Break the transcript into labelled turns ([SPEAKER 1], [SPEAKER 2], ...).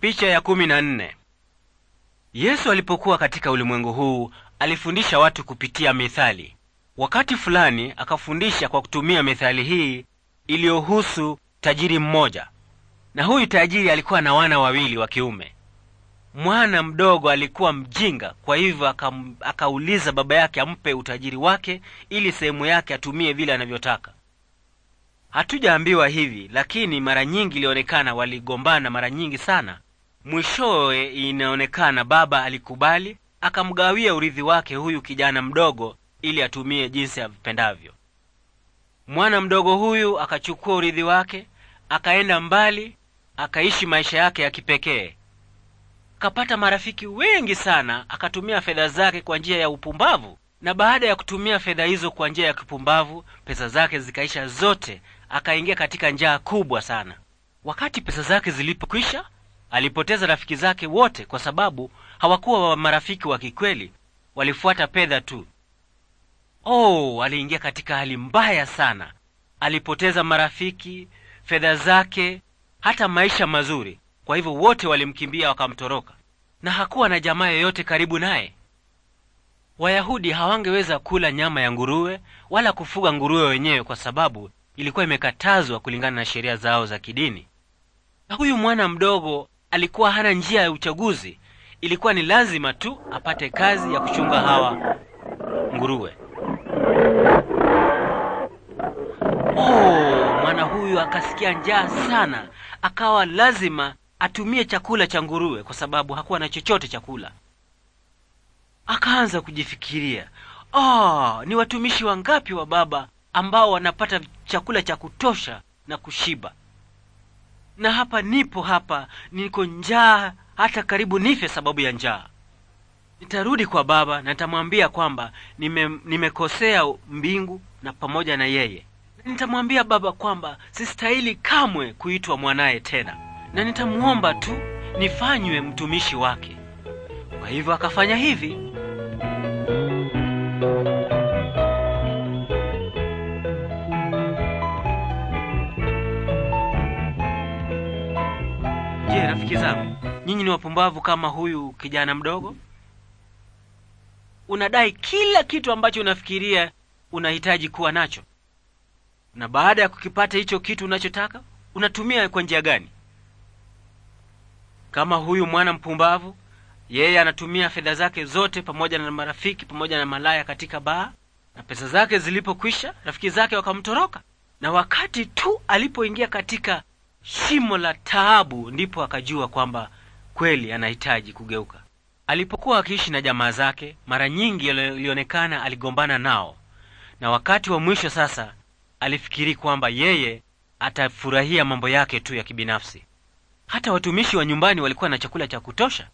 [SPEAKER 1] Picha ya kumi na nne. Yesu alipokuwa katika ulimwengu huu alifundisha watu kupitia methali. Wakati fulani akafundisha kwa kutumia methali hii iliyohusu tajiri mmoja. Na huyu tajiri alikuwa na wana wawili wa kiume. Mwana mdogo alikuwa mjinga, kwa hivyo aka, akauliza baba yake ampe utajiri wake ili sehemu yake atumie vile anavyotaka. Hatujaambiwa hivi, lakini mara nyingi ilionekana waligombana mara nyingi sana Mwishowe inaonekana baba alikubali, akamgawia urithi wake huyu kijana mdogo ili atumie jinsi avipendavyo. Mwana mdogo huyu akachukua urithi wake, akaenda mbali, akaishi maisha yake ya kipekee. Akapata marafiki wengi sana, akatumia fedha zake kwa njia ya upumbavu, na baada ya kutumia fedha hizo kwa njia ya kipumbavu, pesa zake zikaisha zote, akaingia katika njaa kubwa sana. Wakati pesa zake zilipokwisha Alipoteza rafiki zake wote kwa sababu hawakuwa marafiki wa kikweli, walifuata fedha tu. Oh, aliingia katika hali mbaya sana. Alipoteza marafiki, fedha zake, hata maisha mazuri. Kwa hivyo wote walimkimbia wakamtoroka, na hakuwa na jamaa yoyote karibu naye. Wayahudi hawangeweza kula nyama ya nguruwe wala kufuga nguruwe wenyewe kwa sababu ilikuwa imekatazwa kulingana na sheria zao za kidini. Na huyu mwana mdogo alikuwa hana njia ya uchaguzi, ilikuwa ni lazima tu apate kazi ya kuchunga hawa nguruwe. Oh, mwana huyu akasikia njaa sana, akawa lazima atumie chakula cha nguruwe kwa sababu hakuwa na chochote chakula. Akaanza kujifikiria, oh, ni watumishi wangapi wa baba ambao wanapata chakula cha kutosha na kushiba, na hapa nipo hapa, niko njaa, hata karibu nife sababu ya njaa. Nitarudi kwa Baba na nitamwambia kwamba nimekosea nime mbingu na pamoja na yeye. Nitamwambia Baba kwamba sistahili kamwe kuitwa mwanaye tena, na nitamwomba tu nifanywe mtumishi wake. Kwa hivyo akafanya hivi. Je, rafiki zangu, nyinyi ni wapumbavu kama huyu kijana mdogo? Unadai kila kitu ambacho unafikiria unahitaji kuwa nacho, na baada ya kukipata hicho kitu unachotaka unatumia kwa njia gani? Kama huyu mwana mpumbavu, yeye anatumia fedha zake zote pamoja na marafiki pamoja na malaya katika baa, na pesa zake zilipokwisha, rafiki zake wakamtoroka, na wakati tu alipoingia katika shimo la taabu, ndipo akajua kwamba kweli anahitaji kugeuka. Alipokuwa akiishi na jamaa zake, mara nyingi ilionekana aligombana nao, na wakati wa mwisho sasa alifikiri kwamba yeye atafurahia mambo yake tu ya kibinafsi. Hata watumishi wa nyumbani walikuwa na chakula cha kutosha.